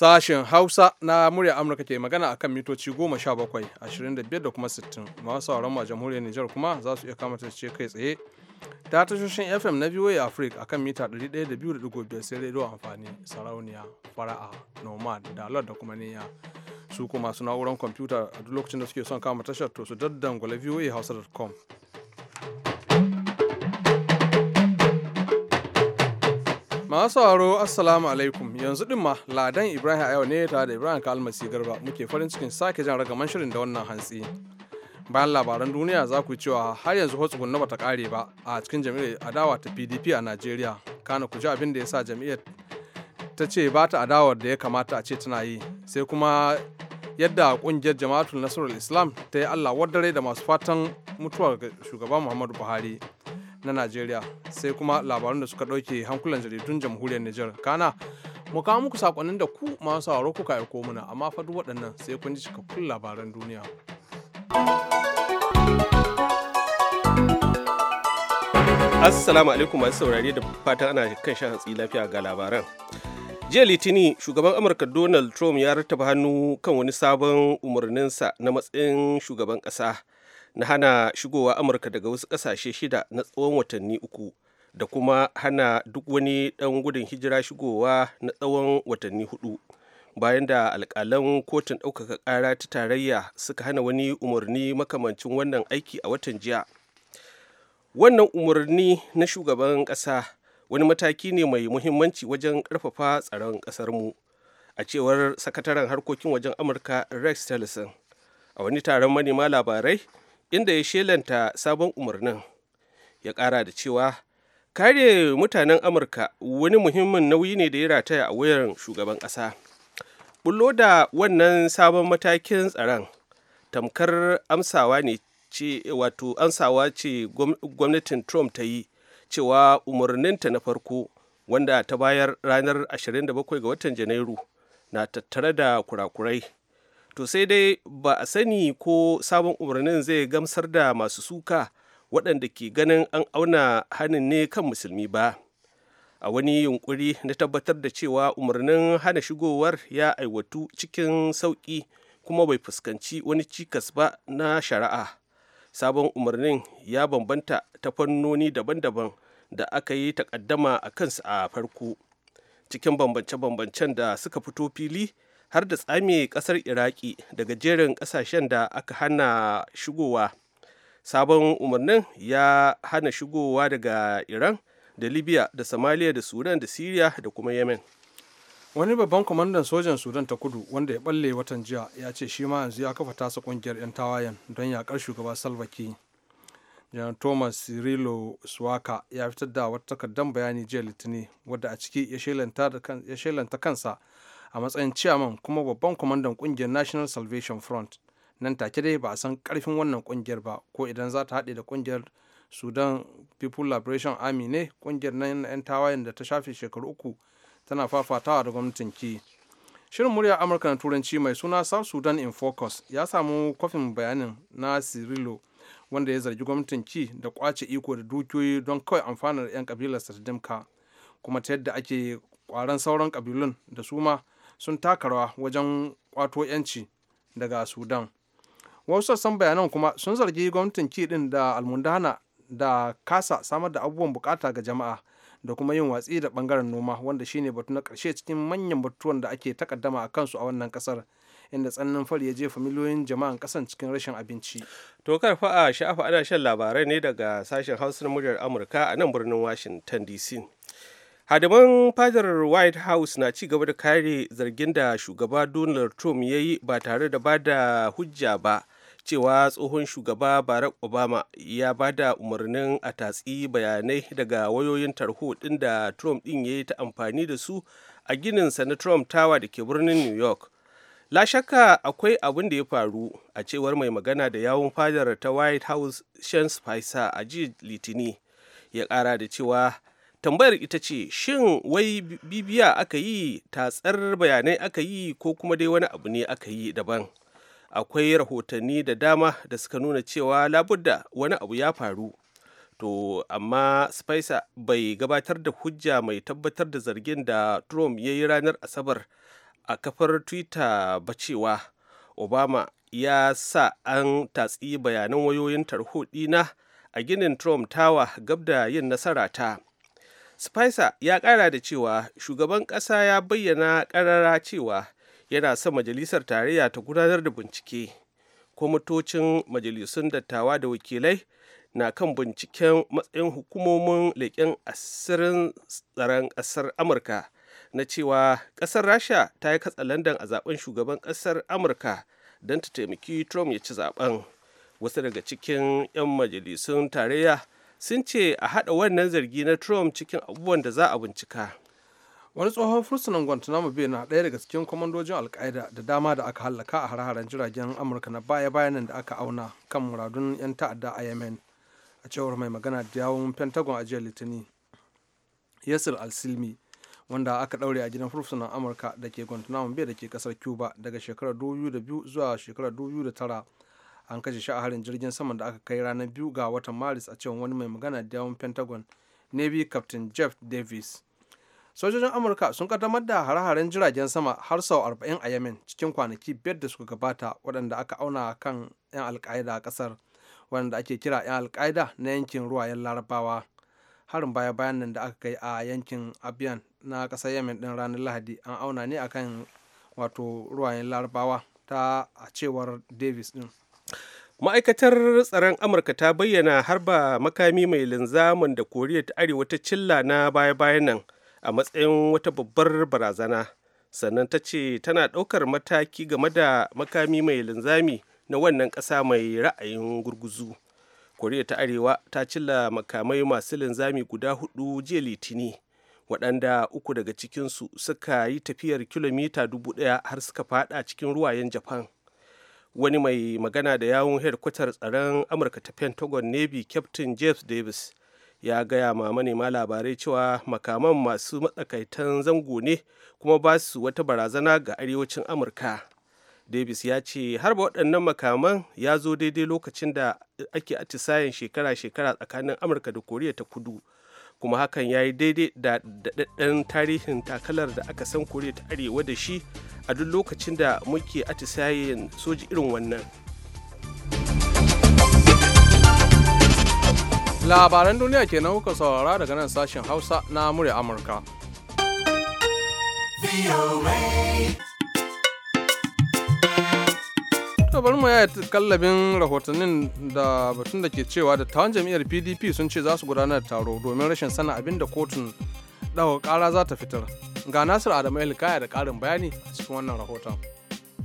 Sashen Hausa na murya Amurka ke magana a kan mitoci 17, 25 da kuma 60. Masu sauran ma jamhuriyar Nijar kuma za su iya kamata ce kai tsaye. Ta tashoshin FM na VOA Africa a kan mita 102.5 sai rediyo amfani sarauniya, fara'a, nomad, dalar da kuma niyya. Su kuma su na'urar kwamfuta a duk lokacin da suke son kama tashar to su daddangwale hausa.com Masu sauraro Assalamu alaikum yanzu din ma Ladan Ibrahim a yau ne tare da Ibrahim Kalmasi Garba muke farin cikin sake jan ragaman shirin da wannan hantsi. Bayan labaran duniya za ku cewa har yanzu hotsugun na bata kare ba a cikin jam'iyyar adawa ta PDP a Najeriya. Kana ku ji abin da ya sa jam'iyyar ta ce ba ta adawar da ya kamata a ce tana yi sai kuma yadda kungiyar jama'atul nasarar islam ta yi allah wadare da masu fatan mutuwar shugaba muhammadu buhari na Najeriya sai kuma labarun da suka ɗauke hankulan jaridun jamhuriyar Nijar. Kana, mu kawo muku sakonnin da ku masu sauraro kuka aiko muna amma fa duk waɗannan sai kun ji cikakkun labaran duniya. Assalamu alaikum masu saurare da fatan ana kan shan hantsi lafiya ga labaran. jiya litinin shugaban amurka donald trump ya rattaba hannu kan wani sabon umarninsa na matsayin shugaban ƙasa na hana shigowa amurka daga wasu ƙasashe shida na tsawon watanni uku da kuma hana duk wani ɗan gudun hijira shigowa na tsawon watanni hudu bayan da alƙalan kotun ɗaukaka ƙara ta tarayya suka hana wani umarni makamancin wannan aiki a watan jiya wannan umarni na shugaban ƙasa wani mataki ne mai muhimmanci wajen ƙarfafa tsaron ƙasarmu a cewar sakataren harkokin wajen amurka rex tillerson a wani taron manema labarai inda ya shelanta sabon umarnin ya kara da cewa kare mutanen amurka wani muhimmin nauyi ne da ya rataya a wayar shugaban ƙasa bullo da wannan sabon matakin tsaron tamkar amsawa ne ce wato amsawa ce gwamnatin trump ta yi cewa umarninta na farko wanda ta bayar ranar 27 ga watan janairu na tattare da kurakurai to sai dai ba a sani ko sabon umarnin zai gamsar da masu suka waɗanda ke ganin an auna hannun ne kan musulmi ba a wani yunkuri na tabbatar da cewa umarnin hana shigowar ya aiwatu cikin sauƙi kuma bai fuskanci wani cikas ba na shari'a sabon umarnin ya bambanta ta fannoni daban-daban da aka yi takaddama a kansu a farko cikin bambance-bambancen da suka fito fili har da tsame kasar iraki daga jerin kasashen da aka hana shigowa sabon umarnin ya hana shigowa daga iran da libya da somalia da sudan da syria da kuma yemen wani babban kwamandan sojan sudan ta kudu wanda ya balle watan jiya ya ce shi ma yanzu ya kafa tasa kungiyar 'yan tawayen don yakar shugaba salvaki jan thomas cirilo suwaka ya fitar da wata takardar bayani jiya litinin wadda a ciki ya shelanta kansa a matsayin chairman kuma babban kwamandan kungiyar national salvation front nan take dai ba a san karfin wannan kungiyar ba ko idan za ta haɗe da kungiyar sudan people liberation army ne kungiyar nan 'yan tawayen da ta shafe shekaru uku tana fafatawa da gwamnatin ki shirin murya amurka na turanci mai suna south sudan in focus ya samu kwafin bayanin na cirilo wanda ya zargi gwamnatin ki da kwace iko da dukiyoyi don kawai amfanar 'yan kabilar satadimka kuma ta yadda ake kwaran sauran kabilun da su ma sun taka rawa wajen kwato 'yanci daga sudan wasu sassan bayanan kuma sun zargi gwamnatin ki din da almundana da kasa samar da abubuwan bukata ga jama'a da kuma yin watsi da bangaren noma wanda shine batu na karshe cikin manyan batutuwan da ake takaddama a kansu a wannan kasar inda tsananin fari ya jefa miliyoyin jama'an kasan cikin rashin abinci. To fa'a a sha'afa ana shan labarai ne daga sashen hausar na muryar Amurka a nan birnin Washington DC. hadaman fadar white house na ci gaba da kare zargin da shugaba donald trump ya yi ba tare da ba da hujja ba cewa tsohon shugaba barack obama ya ba da umarnin a tatsi bayanai daga wayoyin tarho ɗin da trump ɗin ya yi ta amfani da su a gininsa na trump tawa da ke birnin new york La shakka akwai abin da ya faru a cewar mai magana da yawun fadar ta White House shan Spicer a jiya Litini ya kara da cewa tambayar ita ce shin wai bibiya aka yi tatsar bayanai aka yi ko kuma dai wani abu ne aka yi daban akwai rahotanni da dama da suka nuna cewa labudda wani abu ya faru to amma spicer bai gabatar da hujja mai tabbatar da zargin da trump ya yi ranar asabar a kafar twitter ba cewa obama ya sa an tatsi bayanan wayoyin tarho dina a ginin trump tawa gab da yin nasara ta Spicer ya kara da cewa shugaban kasa ya bayyana karara cewa yana son majalisar tarayya ta gudanar da bincike. Kwamitocin majalisun dattawa da wakilai na kan binciken matsayin hukumomin leƙen asirin tsaron ƙasar Amurka na cewa ƙasar Rasha ta yi katsalandan a zaben shugaban ƙasar Amurka don ta taimaki Trump ya ci zaben. Wasu daga cikin 'yan majalisun tarayya sun ce a haɗa wannan zargi na trump cikin abubuwan da za a bincika wani tsohon fursunan guantanamo bay na ɗaya daga cikin kwamandojin alkaida da dama da aka hallaka a har jiragen amurka na baya bayanan da aka auna kan muradun 'yan ta'adda a yemen a cewar mai magana da yawon pentagon a jiya litinin yasir al-silmi wanda aka ɗaure a gidan fursunan amurka da ke guantanamo bay da ke ƙasar cuba daga shekarar 2002 zuwa shekarar 2009 an kashe shi a harin jirgin sama da aka kai ranar biyu ga watan maris a cewa wani mai magana da yawon pentagon navy captain jeff davis sojojin amurka sun kaddamar da hare-haren jiragen sama har sau 40 a yemen cikin kwanaki biyar da suka gabata waɗanda aka auna kan 'yan alka'ida a ƙasar waɗanda ake kira 'yan alka'ida na yankin ruwayen larabawa harin baya-bayan nan da aka kai a yankin abiyan na ƙasar yemen ɗin ranar lahadi an auna ne akan wato ruwayen larabawa ta a cewar davis ɗin ma'aikatar tsaron amurka ta bayyana harba makami mai linzamin da koriya ta arewa ta cilla na baya-bayan nan a matsayin wata babbar barazana sannan ta ce tana ɗaukar mataki game da makami mai linzami na wannan ƙasa mai ra'ayin gurguzu koriya ta arewa ta cilla makamai masu linzami guda hudu jiya litini waɗanda uku daga cikinsu suka yi tafiyar kilomita dubu ɗaya har suka fada cikin ruwayen japan wani mai magana da yawun hedkwatar tsaron amurka ta pentagon navy captain james davis ya gaya ma manema labarai cewa makaman masu matsakaitan zango ne kuma ba su wata barazana ga arewacin amurka davis ya ce har ba waɗannan makaman ya zo daidai lokacin da ake atisayen shekara-shekara tsakanin amurka da koriya ta kudu kuma hakan ya yi daidai da daɗaɗɗen tarihin takalar da aka san koriya ta arewa da shi a duk lokacin da muke atisayen soji irin wannan labaran duniya kenan kuka saurara daga nan sashen hausa na murya amurka to bari mu yaya kallabin rahotannin da batun da ke cewa da dattawan jam'iyyar pdp sun ce za su gudanar taro domin rashin sana abin da kotun ɗaga kara za ta fitar ga nasir adamu kaya da ƙarin bayani a cikin wannan rahoton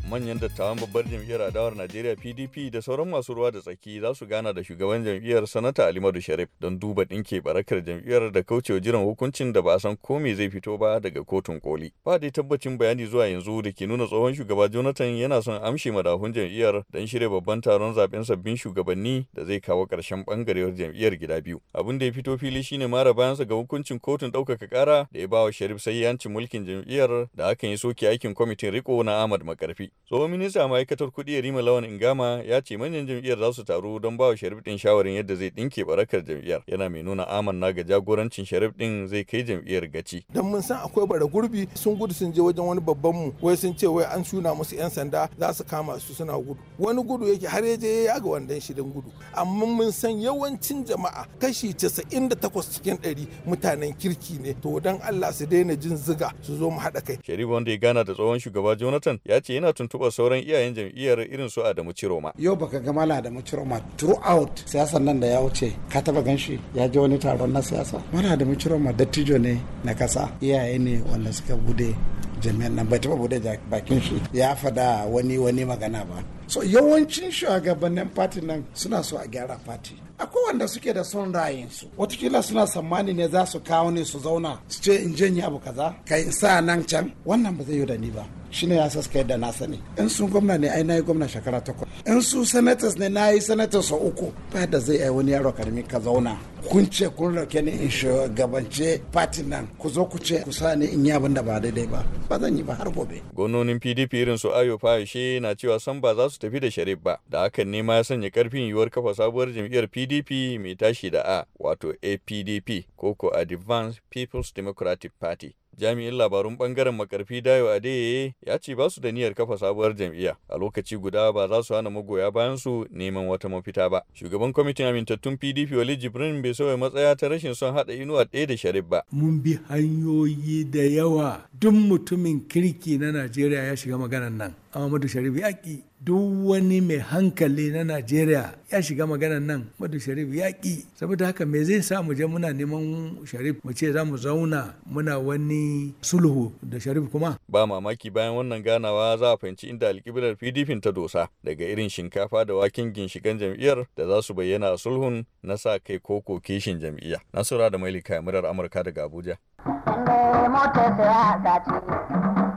manyan dattawan babbar jam'iyyar adawar Najeriya PDP da sauran masu ruwa da tsaki za su gana da shugaban jam'iyyar Sanata Alimadu Sharif don duba dinke barakar jam'iyyar da kaucewa jiran hukuncin da ba a san ko me zai fito ba daga kotun koli. Ba dai tabbacin bayani zuwa yanzu da ke nuna tsohon shugaba Jonathan yana son amshe madahun jam'iyyar don shirya babban taron zaben sabbin shugabanni da zai kawo ƙarshen bangarewar jam'iyyar gida biyu. Abin da ya fito fili shine mara sa ga hukuncin kotun ɗaukaka ƙara da ya ba wa Sharif sai yancin mulkin jam'iyyar da hakan ya soke aikin kwamitin riko na Ahmad Makarfi. Tsohon ministan ma'aikatar kuɗi Yarima Lawan Ingama ya ce manyan jam'iyyar za su taru don ba wa Sharif ɗin shawarin yadda zai ɗinke barakar jam'iyyar. Yana mai nuna amanna ga jagorancin Sharif ɗin zai kai jam'iyyar gaci. Don mun san akwai bara gurbi sun gudu sun je wajen wani babban mu wai sun ce wai an suna musu 'yan sanda za su kama su suna gudu. Wani gudu yake har ya je ya ga wandan shirin gudu. Amma mun san yawancin jama'a kashi casa'in da takwas cikin ɗari mutanen kirki ne. To don Allah su daina jin ziga su zo mu haɗa kai. Sharif wanda ya gana da tsohon shugaba Jonathan ya ce yana tuba sauran iyayen jam'iyyar irin su Adamu Ciroma. Yau baka ga Mala Adamu Ciroma throughout siyasa nan da ya wuce ka taba ganshi ya je wani taron na siyasa. Mala Adamu Ciroma dattijo ne na kasa iyaye ne wanda suka bude jami'an nan bai taba bude bakin shi ya fada wani wani magana ba. so yawancin shugabannin fati nan suna so a gyara fati akwai wanda suke da son ra'ayinsu watakila suna tsammani ne za su kawo ne su zauna su ce in janye abu kaza ka in sa nan can wannan ba zai yi da ni ba shine ya suka yadda na sani in sun gwamna ne ai na yi gwamna shekara takwas in su senators ne na yi senators sau uku ba da zai yi wani yaro karmi ka zauna kun ce kun rauke ni in shugabance party nan ku zo ku ce ku sa ni in yi abin da ba daidai ba ba zan yi ba har gobe gononin pdp irin su ayo fahishe na cewa san ba za su tafi da sharif ba da hakan ne ma ya sanya karfin yiwuwar kafa sabuwar jam'iyyar pdp mai tashi da a wato apdp koko advanced people's democratic party jami'in labarun bangaren makarfi dayo adeyeye ya ce ba su da niyyar kafa sabuwar jam'iyya a lokaci guda ba za su hana magoya bayan su neman wata mafita ba shugaban kwamitin amintattun pdp wali jibrin bai sauya matsaya ta rashin son haɗa inuwa ɗaya da sharif ba mun bi hanyoyi da yawa duk mutumin kirki na najeriya ya shiga maganan nan amadu sharif ya ki duk wani mai hankali na najeriya ya shiga maganan nan madu sharif ya ki saboda haka me zai sa mu je muna neman sharif mu ce za mu zauna muna wani sulhu da sharif kuma ba mamaki bayan wannan ganawa za a fahimci inda alkiblar pdp ta dosa daga irin shinkafa da waken ginshikan jam'iyyar da za su bayyana sulhun na sa kai koko kishin jam'iyya nasura da mailika murar amurka daga abuja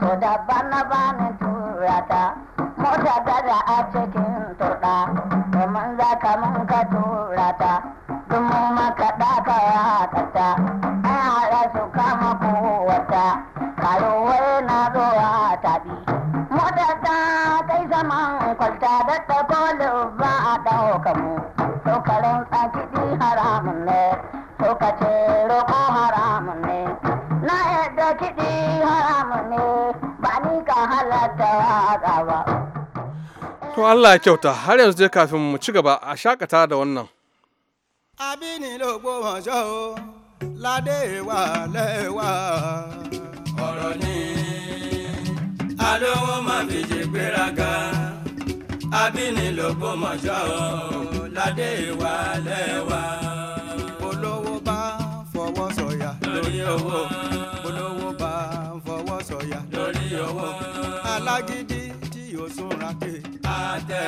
to da bana bani turata mota da a cikin turɗa domin za ka mun ka tura ta dumin maka ka ya haƙata an haɗa su kama kowata karuwai na zuwa taɓi mota ta kai zaman kwalta da ta kolo ba a ɗauka mu tokarin tsakiɗi haramun ne tokace roƙo haramun To Allah ya kyauta har yanzu dai kafin mu ci gaba a shakata da wannan. Abini lógbó mọ̀jọ́ o, ládé wà Ọ̀rọ̀ ni alówó máa fi jẹ gbéraga. Abini lógbó mọ̀jọ́ o, ládé wà Olówó bá fọwọ́ sọ̀yà lórí owó. Olówó bá fọwọ́ sọ̀yà lórí owó. Alágídí tí yóò sún ra àtẹ.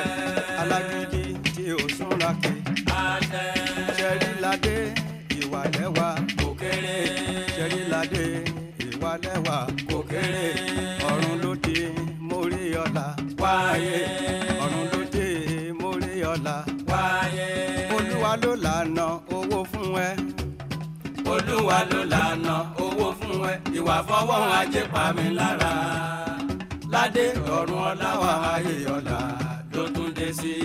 alágídí tí ò súnlake. àtẹ. ṣẹ̀ríládé ìwà lẹ́wà. kò kéré. ṣẹ̀ríládé ìwà lẹ́wà. kò kéré. ọ̀run ló dé mórí ọ̀la. wáyé. ọ̀run ló dé mórí ọ̀la. wáyé. olúwa ló lànà owó fún ẹ. olúwa ló lànà owó fún ẹ. ìwà fọwọ́ ajé pa mi lára ládé ọ̀run ọlá wà ayé ọ̀la tó tún dé sí.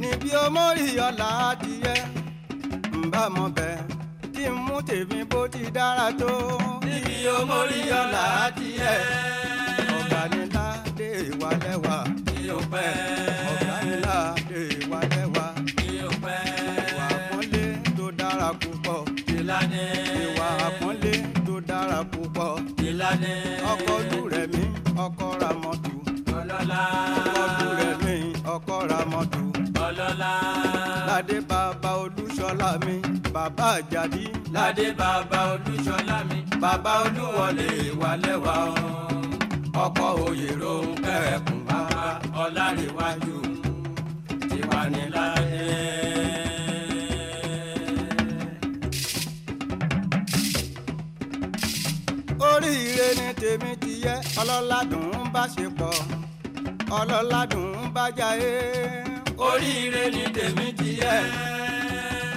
níbi ọmọrí ọ̀la adìyẹ ń bá mọ bẹ́ẹ̀ kí n mú tèmi bó ti dára tó. níbi ọmọrí ọ̀la adìyẹ. ọ̀gá ni ládé ìwà lẹ́wà. mi ọ̀gá ni ládé ìwà lẹ́wà. ọlọ́ládé. ọkọ mi, ọkọ ra mọ́tò. ọlọ́lá. ọkọ Olúrẹ̀mí ọkọ ra mọ́tò. ọlọ́lá. ládé bàbá olúṣọlá mi bàbá àjàdí. ládé bàbá olúṣọlá mi bàbá olúwọlé ìwàlẹ́wà o. ọkọ oyè rohun kẹ́ẹ̀kùn bàbá ọlárẹ̀wájú tiwa ní ládé. ire ni tèmi ti yẹ ọlọ́ládùn ba bá ṣe pọ̀ ọlọ́ládùn ún bá jayé. ire ni tèmi ti yẹ.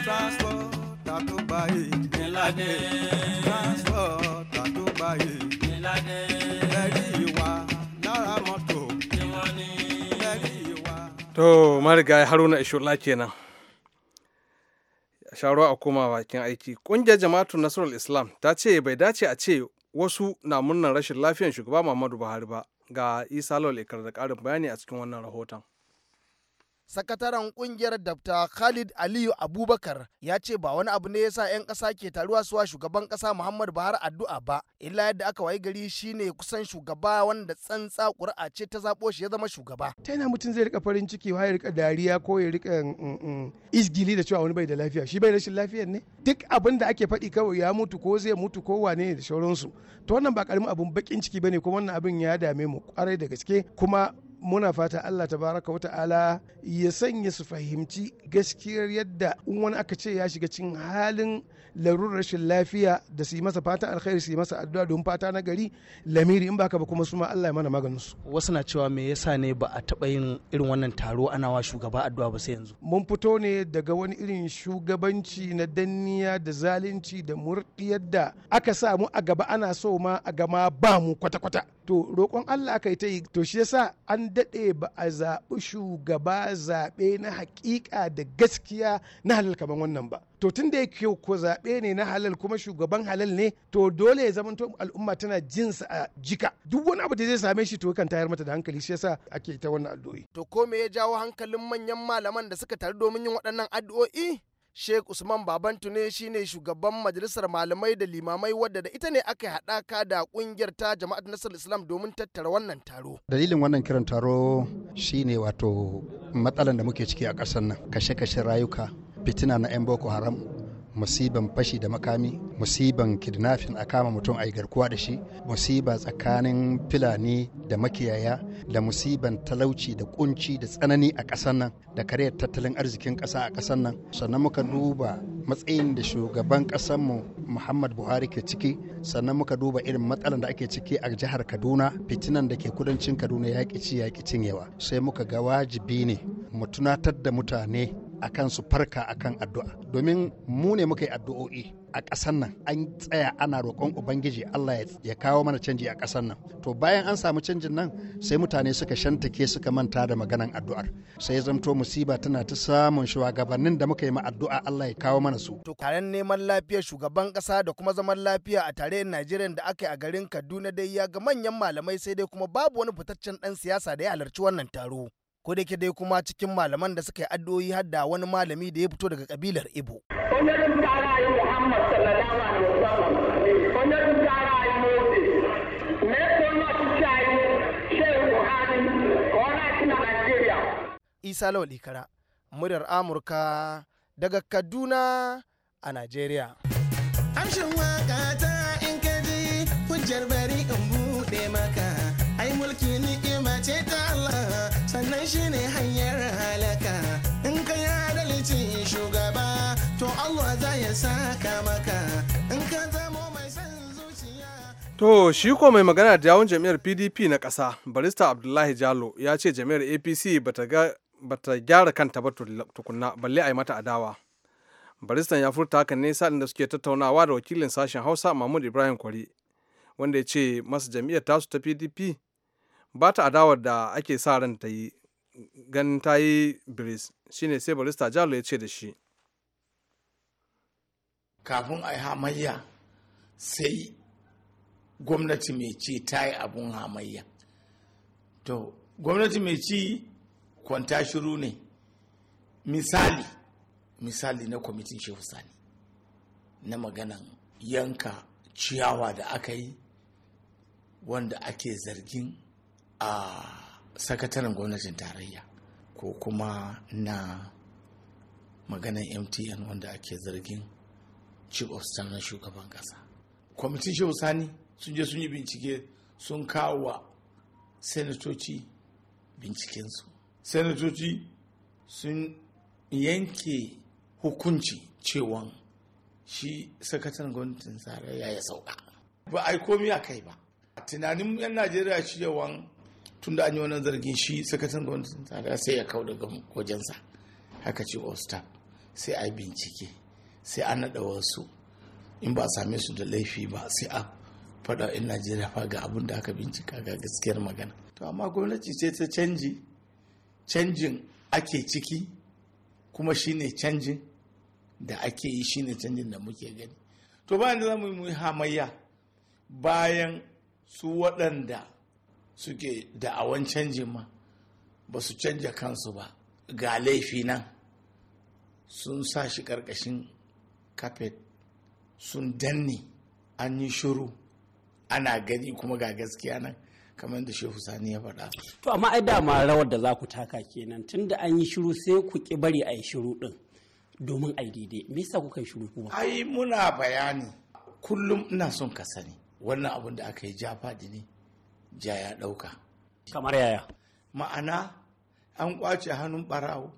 transport tàtúgbàyè. nílàdé. transport tàtúgbàyè. nílàdé. lẹ́rí ìwà lára mọ́tò. tí wọ́n ìwà. tó marigayi haruna ìṣọlá kenan. sharuwa a koma bakin aiki ƙungiyar jama'atu nasarar islam ta ce bai dace a ce wasu na murnar rashin lafiyar shugaba muhammadu buhari ba ga isa lawal da karin bayani a cikin wannan rahoton sakataren kungiyar dafta khalid aliyu abubakar ya ce ba wani abu ne yasa 'yan ƙasa ke taruwa suwa shugaban ƙasa muhammadu buhar addu'a ba illa yadda aka wayi gari shine kusan shugaba wanda tsantsa ƙuri'a ce ta zaɓo shi ya zama shugaba ta yana mutum zai rika farin ciki ya rika dariya ko ya rika mm, mm, isgili da cewa wani bai da lafiya shi bai rashin lafiyar ne duk abin da ake faɗi kawai ya mutu ko zai mutu ko wane da sauransu to wannan ba karamin abun bakin ciki bane kuma wannan abin ya dame mu kwarai da gaske kuma muna fata Allah ta baraka wa ta'ala ya sanya su fahimci gaskiyar yadda in wani aka ce ya shiga cin halin larurar rashin lafiya da su yi masa fatan alkhairi su yi masa addu'a don fata na gari lamiri in baka ba kuma su ma Allah ya mana maganin su wasu na cewa me yasa ne ba a taba yin irin wannan taro ana wa shugaba addu'a ba sai yanzu mun fito ne daga wani irin shugabanci na danniya da zalunci da murɗiyar da aka mu a gaba ana so ma a gama ba mu kwata-kwata to roƙon Allah aka yi ta yi to shi yasa an an daɗe ba a zaɓi shugaba zaɓe na haƙiƙa da gaskiya na halal kamar wannan ba to tun da yake ko zaɓe ne na halal kuma shugaban halal ne to dole ya zama al'umma tana jinsa a jika duk wani abu da zai same shi to kan tayar mata da hankali shi yasa ake ta wannan addu'o'i to ko me ya jawo hankalin manyan malaman da suka taru domin yin waɗannan addu'o'i Sheikh Usman Baban Tune shine shugaban majalisar malamai da limamai wadda da ita ne aka haɗaka da ƙungiyar ta jama'at Nasar Islam domin tattara wannan taro. Dalilin wannan kiran taro shine wato matsalar da muke ciki a ƙasar nan kashe-kashe rayuka fitina na 'yan Boko Haram musiban fashi da makami musiban kidnafin a kama mutum a yi garkuwa da shi musiba tsakanin filani da makiyaya da musiban talauci da kunci da tsanani a ƙasar nan da karyar tattalin arzikin ƙasa a ƙasar nan sannan muka duba matsayin da shugaban mu muhammad buhari ke ciki sannan muka duba irin matsalar da ake ciki a jihar kaduna fitinan da ke kudancin kaduna yaƙi ci yaƙi cinyewa sai muka ga wajibi ne mu tunatar da mutane akan su farka akan addu'a domin mu ne muka yi addu'o'i a ƙasar nan an tsaya ana roƙon ubangiji Allah ya kawo mana canji a ƙasar nan to bayan an samu canjin nan sai mutane suka shantake suka manta da maganan addu'ar sai zamto musiba tana ta samun shugabannin da muka yi ma addu'a Allah ya kawo mana su to taron neman lafiya shugaban ƙasa da kuma zaman lafiya a tare Najeriya da aka yi a garin Kaduna dai ya ga manyan malamai sai dai kuma babu wani fitaccen dan siyasa da ya halarci wannan taro ko da dai kuma cikin malaman da suka yi addu'o'i har da wani malami da ya fito daga kabilar ibo isa lawal ikara muryar amurka daga kaduna a najeriya amshin waka ta in kaji hujjar bari To shi ko mai magana da yawon jami'ar PDP na ƙasa, barista Abdullahi Jalo ya ce jami'ar APC ba ta gyara kanta ba tukunna balle a yi mata adawa. Baristan ya furta hakan ne sa'in da suke tattaunawa da wakilin sashen Hausa Mahmud Ibrahim Kwari, wanda ya ce masa jami'ar tasu ta PDP ba ta adawa da ake sa ran ta yi ganin ta yi biris shine sai barista Jalo ya ce da shi. Kafin a yi hamayya sai gwamnati mai ci ta yi abun hamayya to gwamnati mai ci kwanta shiru ne misali misali na kwamitin shehu sani na maganan yanka ciyawa da aka yi wanda ake zargin a sakataren gwamnatin tarayya ko kuma na maganan mtn wanda ake zargin chief of staff na shugaban kasa kwamitin shehu sani sun je sun yi bincike sun kawo wa senatoci bincikensu senatoci sun yanke hukunci cewa shi sakataren gwamnatin tarayya ya sauka ba a yi komi a kai ba tunanin yan najeriya shi yawa tun da an yi wannan zargin shi sakataren gwamnatin tarayya sai ya kawo daga wajensa haka ce osta oh, sai a yi bincike sai an naɗa wasu in ba a same su da laifi ba sai a faɗa in najeriya fa ga abin da aka bincika ga gaskiyar magana to amma gwamnati ce ta canji canjin ake ciki kuma shine canjin da ake yi shine canjin da muke gani to bayan da za mu yi hamayya bayan su waɗanda suke da'awan canjin ma ba su canja kansu ba ga laifi nan sun sa shi ƙarƙashin kafet sun danne an yi shuru ana gani kuma ga gaskiya nan kamar da shehu sani ya faɗa. to amma ai dama rawar da za ku taka kenan tunda an yi shiru sai ku ki bari a yi shiru ɗin, domin ai daidai me yasa kuka yi shiru kuma. ai muna bayani kullum ina son ka sani wannan abin da aka yi ja faɗi ne ja ya ɗauka. kamar yaya. ma'ana an kwace hannun ɓarawo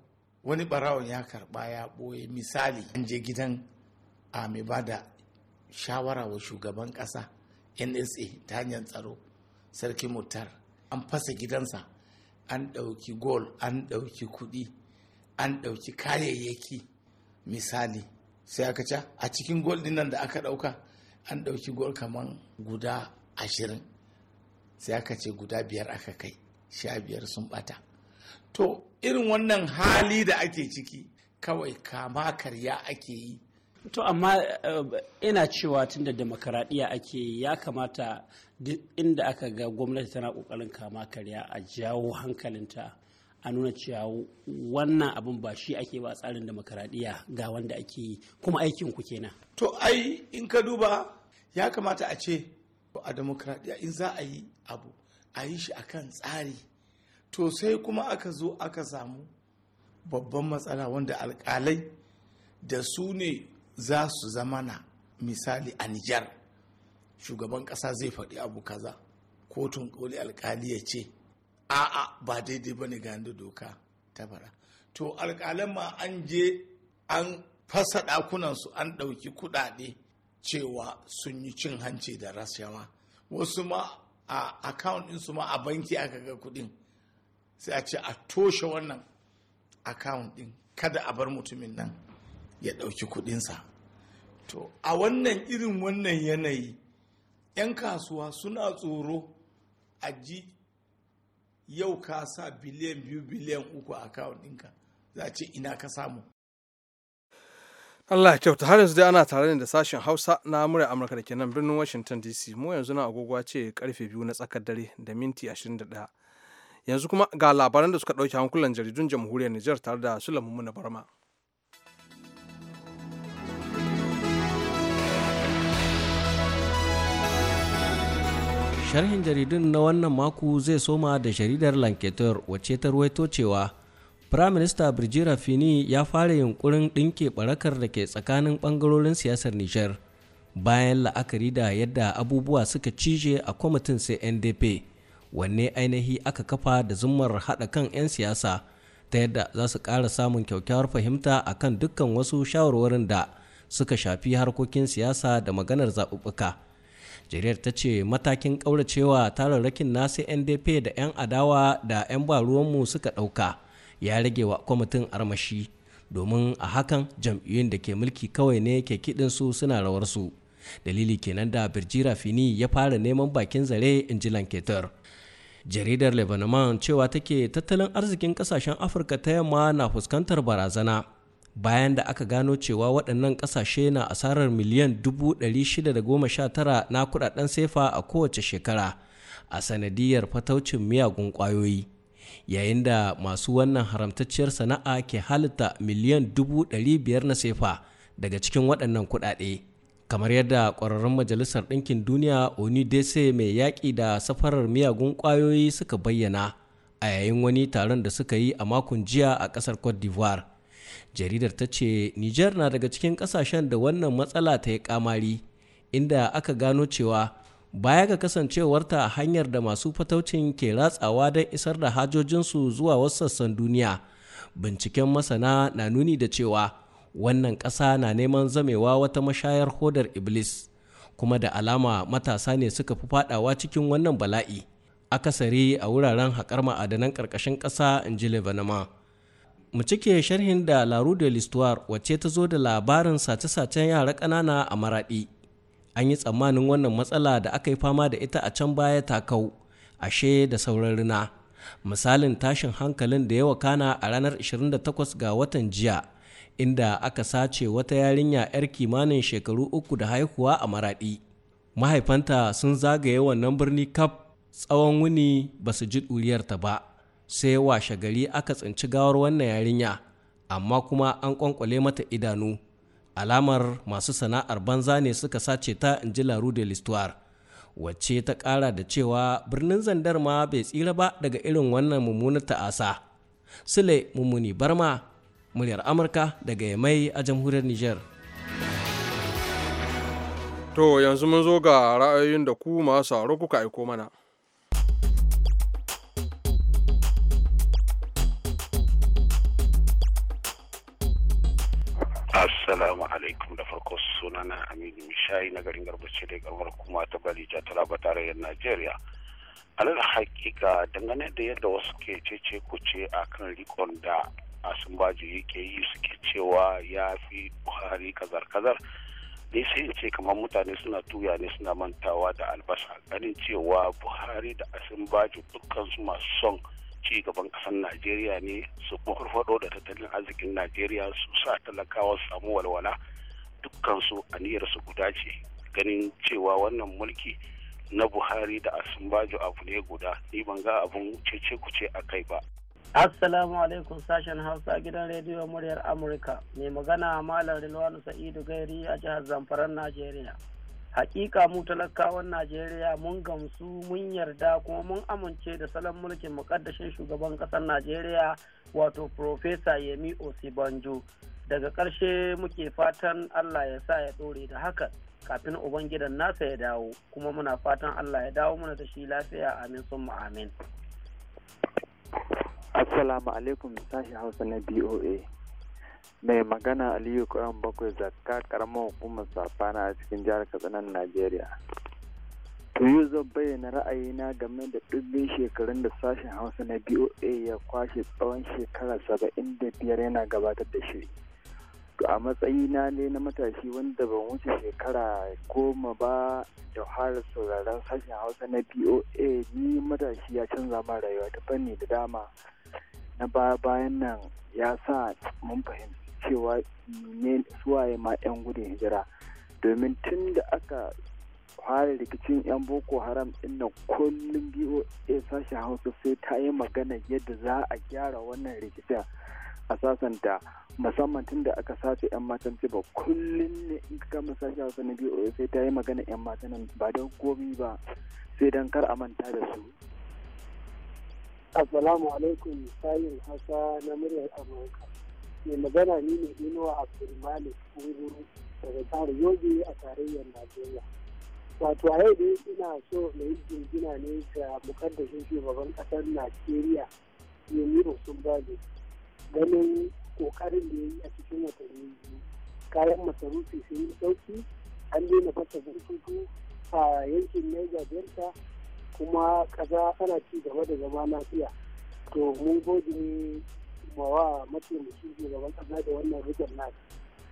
wani ɓarawon ya karɓa ya ɓoye misali an je gidan a mai ba da shawara wa shugaban ƙasa nsa ta hanyar tsaro sarki mutar an fasa gidansa an ɗauki gol an ɗauki kuɗi an ɗauki kayayyaki misali sai aka ca a cikin gol nan da aka ɗauka an ɗauki gol kaman guda ashirin sai aka ce guda biyar aka kai sha biyar sun bata to irin wannan hali da ake ciki kawai kama karya ake yi to amma eh, ina cewa tun da demokaradiyya ake ya kamata inda aka ga gwamnati tana kokarin kama karya a jawo hankalinta a nuna cewa wannan abin ba shi ake ba tsarin demokaradiyya ga wanda ake yi kuma aikin ku kenan to ai in ka duba ya kamata a ce a demokaradiyya in za a yi abu a yi shi akan tsari to sai kuma aka zo aka samu babban matsala wanda alkalai da su ne za su zama na, misali a Nijar shugaban ƙasa zai faɗi abu kaza kotun koli alkali ya ce a'a ba daidai ba ne ga yadda doka ta fara to alkalan ma an je an fasa ɗakunansu an ɗauki kuɗaɗe cewa sun yi cin hanci da rashawa wasu ma a account ɗinsu ma a banki aka ga kuɗin sai a ce a toshe wannan account ɗin kada a bar mutumin nan ya ɗauki kuɗinsa to a wannan irin wannan yanayi 'yan kasuwa suna tsoro a ji yau ka sa biliyan biyu biliyan uku a ɗinka za ce ina ka samu Allah kyauta har yanzu dai ana tare da sashen Hausa na murya Amurka da kenan birnin Washington DC mu yanzu na agogo ce karfe biyu na tsakar dare da minti 21 yanzu kuma ga labaran da suka ɗauki hankulan jaridun jamhuriyar Nijar tare da Sulaiman Muna Barma. Sharhin jaridun na wannan maku zai soma da jaridar Lanketer wacce ta ruwaito cewa Firaminista Birjira Fini ya fara yunkurin ɗinke barakar da ke tsakanin ɓangarorin siyasar Nijar bayan la'akari da yadda abubuwa suka cije a kwamitin CNDP wanne ainihi aka kafa da zumar haɗa kan 'yan siyasa ta yadda za su ƙara samun kyaukyawar fahimta a kan dukkan wasu shawarwarin da suka shafi harkokin siyasa da maganar zaɓuɓɓuka. jariyar ta ce matakin ƙauracewa tararrakin nasu ndp da 'yan adawa da 'yan ba ruwanmu suka ɗauka ya rage wa kwamitin armashi domin a hakan jam'iyyun da ke mulki kawai ne ke kiɗinsu suna rawarsu dalili kenan da birjira fini ya fara neman bakin zare in ji lanketar jaridar lebanon cewa take tattalin arzikin kasashen afirka ta yamma na fuskantar barazana bayan da aka gano cewa waɗannan ƙasashe na asarar miliyan 619 na kudaden sefa a kowace shekara a sanadiyar fataucin miyagun ƙwayoyi yayin da masu wannan haramtacciyar sana'a ke halitta miliyan 500 na sefa daga cikin waɗannan kuɗaɗe. kamar yadda ƙwararrun majalisar ɗinkin duniya onidese mai yaƙi da safarar miyagun ƙwayoyi suka bayyana a yayin wani taron da suka yi a makon jiya a ƙasar cote d'ivoire jaridar ta ce niger na daga cikin kasashen da wannan matsala ta yi kamari inda aka gano cewa baya ga kasancewarta a hanyar da masu fataucin ke ratsawa don isar da hajojinsu zuwa wasu sassan duniya binciken masana na nuni da cewa wannan ƙasa na neman zamewa wata mashayar hodar iblis kuma da alama matasa ne suka fi fadawa cikin wannan bala'i akasari a wuraren haƙar ma'adanan ƙarƙashin ƙasa in ji lebanama mu cike sharhin da La Rue de l'Histoire wacce ta zo da labarin sace-sacen yara ƙanana a maraɗi. An yi tsammanin wannan matsala da aka yi fama da ita a can baya ta kau, ashe da sauran rina. Misalin tashin hankalin da yawa kana a ranar 28 ga watan jiya, inda aka sace wata yarinya 'yar kimanin shekaru uku da haihuwa a maraɗi. Mahaifanta sun zagaye wannan birni kaf tsawon wuni ba su ji ɗuriyarta ba. sai washe gari aka tsinci gawar wannan yarinya amma kuma an kwankwale mata idanu alamar masu sana'ar banza ne suka sace ta in ji laru da listuwar wacce ta kara da cewa birnin zandar ma bai tsira ba daga irin wannan mummunar ta'asa sule mummuni barma muryar amurka daga yamai a jamhuriyar niger to yanzu mun zo ga ra'ayoyin da ku masu kuka aiko mana Assalamu alaikum da farko sunana Aminu Mishayi na garin Garbace da garbar kuma ta talaba Taraba tarayyar Najeriya. Alal hakika dangane da yadda wasu ke cece kuce a kan rikon da baji yake yi suke cewa ya fi Buhari kazar-kazar. Dai sai ce kamar mutane suna tuya ne suna mantawa da albasa ganin cewa Buhari da baji dukkan su masu son ci gaban ƙasar najeriya ne su farfado da tattalin arzikin najeriya su sa talakawa su samu walwala dukkansu su guda ce ganin cewa wannan mulki na buhari da asimbajo abu ne guda ni ban ga abun cece kuce a kai ba Assalamu alaikum sashen Hausa gidan rediyo muryar Amurka. Mai magana Malam Rilwanu Sa'idu Gairi a jihar zamfarar Najeriya. hakika mu talakawan najeriya mun gamsu mun yarda kuma mun amince da salon mulkin mukaddashin shugaban kasar najeriya wato profesa yemi osibanjo daga ƙarshe muke fatan allah ya sa ya ɗore da haka kafin ubangidan nasa ya dawo kuma muna fatan allah ya dawo muna da shi lafiya amin sun amin assalamu alaikum sashi hausa na boa mai magana aliyu kuran bakwai zakka karamar hukumar safana a cikin jihar katsinan najeriya to yi zan bayyana ra'ayina game da dubbin shekarun da sashen hausa na boa ya kwashe tsawon shekara saba'in da biyar yana gabatar da shi to a matsayina ne na matashi wanda ban wuce shekara goma ba da har sauraron sashen hausa na boa ni matashi ya canza ma rayuwa ta fanni da dama na bayan nan ya sa mun fahimci cewa ne suwaye ma 'yan gudun hijira domin tun da aka fara rikicin 'yan boko haram din nan kullum boa sashen hausa sai ta yi magana yadda za a gyara wannan rikicin a sasanta musamman tun da aka sace 'yan matan ba kullum ne in ka kama sashen hausa na boa sai ta yi magana 'yan matan ba don gobi ba sai don kar a manta da su Assalamu alaikum sayin hasa na muryar Amurka. Mai magana ni ne Inuwa Abdulmalik Kunguru daga jihar Yobe a tarayyar Najeriya. Wato a yau dai ina so na yi jingina ne ga mukaddashin shugaban ƙasar Najeriya Yemi Osunbajo ganin ƙoƙarin da ya yi a cikin watanni biyu. Kayan masarufi sun yi sauki, an daina fasa bututu a yankin Niger Delta kuma ƙasa ana ci gaba da zama lafiya to mun gode mawa mataimaki shugaban ƙasa da wannan rikon nasa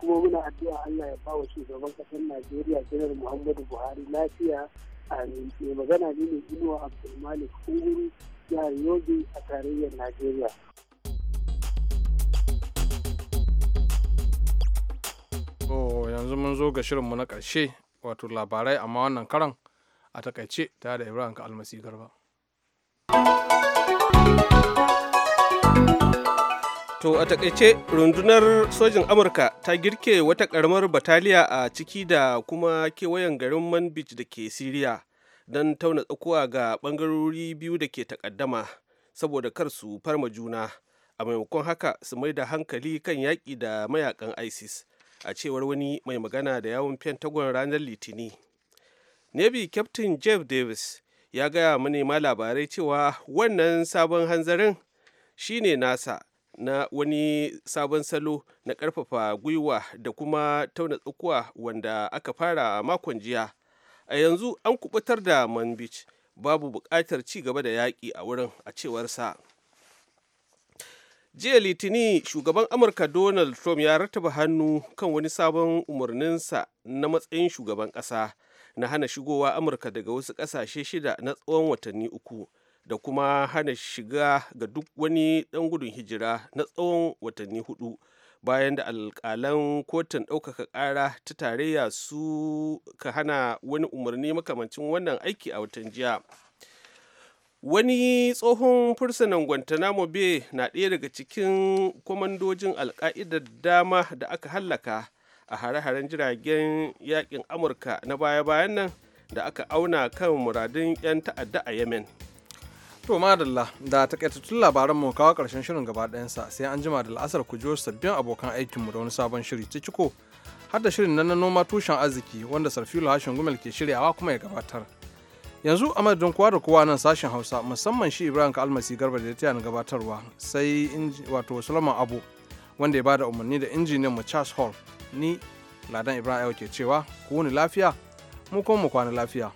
kuma muna addu'a Allah ya bawa shugaban ƙasar Najeriya Janar Muhammadu Buhari lafiya a ne magana ne mai inuwa Abdulmalik Kunguru ya Yobe a tarayyar Najeriya. yanzu mun zo ga shirinmu na ƙarshe wato labarai amma wannan karan a takaice ta da ibrahim ka almasi garba To a takaice rundunar sojin Amurka ta girke wata karamar bataliya a ciki da kuma kewayen garin Manbij da ke Siriya don tauna tsakuwa ga ɓangarori biyu da ke takaddama saboda kar su farma juna a maimakon haka su mai da hankali kan yaƙi da mayakan ISIS a cewar wani mai magana da yawon fentagon ranar Litini. navy captain jeff davis ya gaya manema labarai cewa wannan sabon hanzarin shine nasa na wani sabon salo na karfafa gwiwa da kuma tauna tsakuwa wanda aka fara makon jiya a yanzu an kubutar da man beach babu bukatar ci gaba da yaƙi a wurin a cewarsa jiya litini shugaban amurka donald trump ya rattaba hannu kan wani sabon umarninsa na matsayin shugaban ƙasa na hana shigowa amurka daga wasu kasashe shida na tsawon watanni uku da kuma hana shiga ga duk wani ɗan gudun hijira na tsawon watanni hudu bayan da alƙalan kotun ɗaukaka ƙara ta tarayya su ka hana wani umarni makamancin wannan aiki a watan jiya wani tsohon fursunan guantanamo bay na ɗaya daga cikin kwamandojin alka'idar dama da aka hallaka a hare-haren jiragen yakin amurka na baya-bayan nan da aka auna kan muradun 'yan ta'adda a yemen to madalla da takaitattun labaran mu kawo karshen shirin gaba sa sai an jima da la'asar ku jiyo sabbin abokan aikinmu da wani sabon shiri ta ciko har da shirin nan na noma tushen arziki wanda sarfilo hashin gumel ke shiryawa kuma ya gabatar yanzu a madadin kowa da kowa nan sashen hausa musamman shi ibrahim almasi garba da ta gabatarwa sai wato solomon abu wanda ya bada umarni da injiniyan mu charles hall ni ladan ibrahim ke cewa ku wuni lafiya mu kuma mu kwana lafiya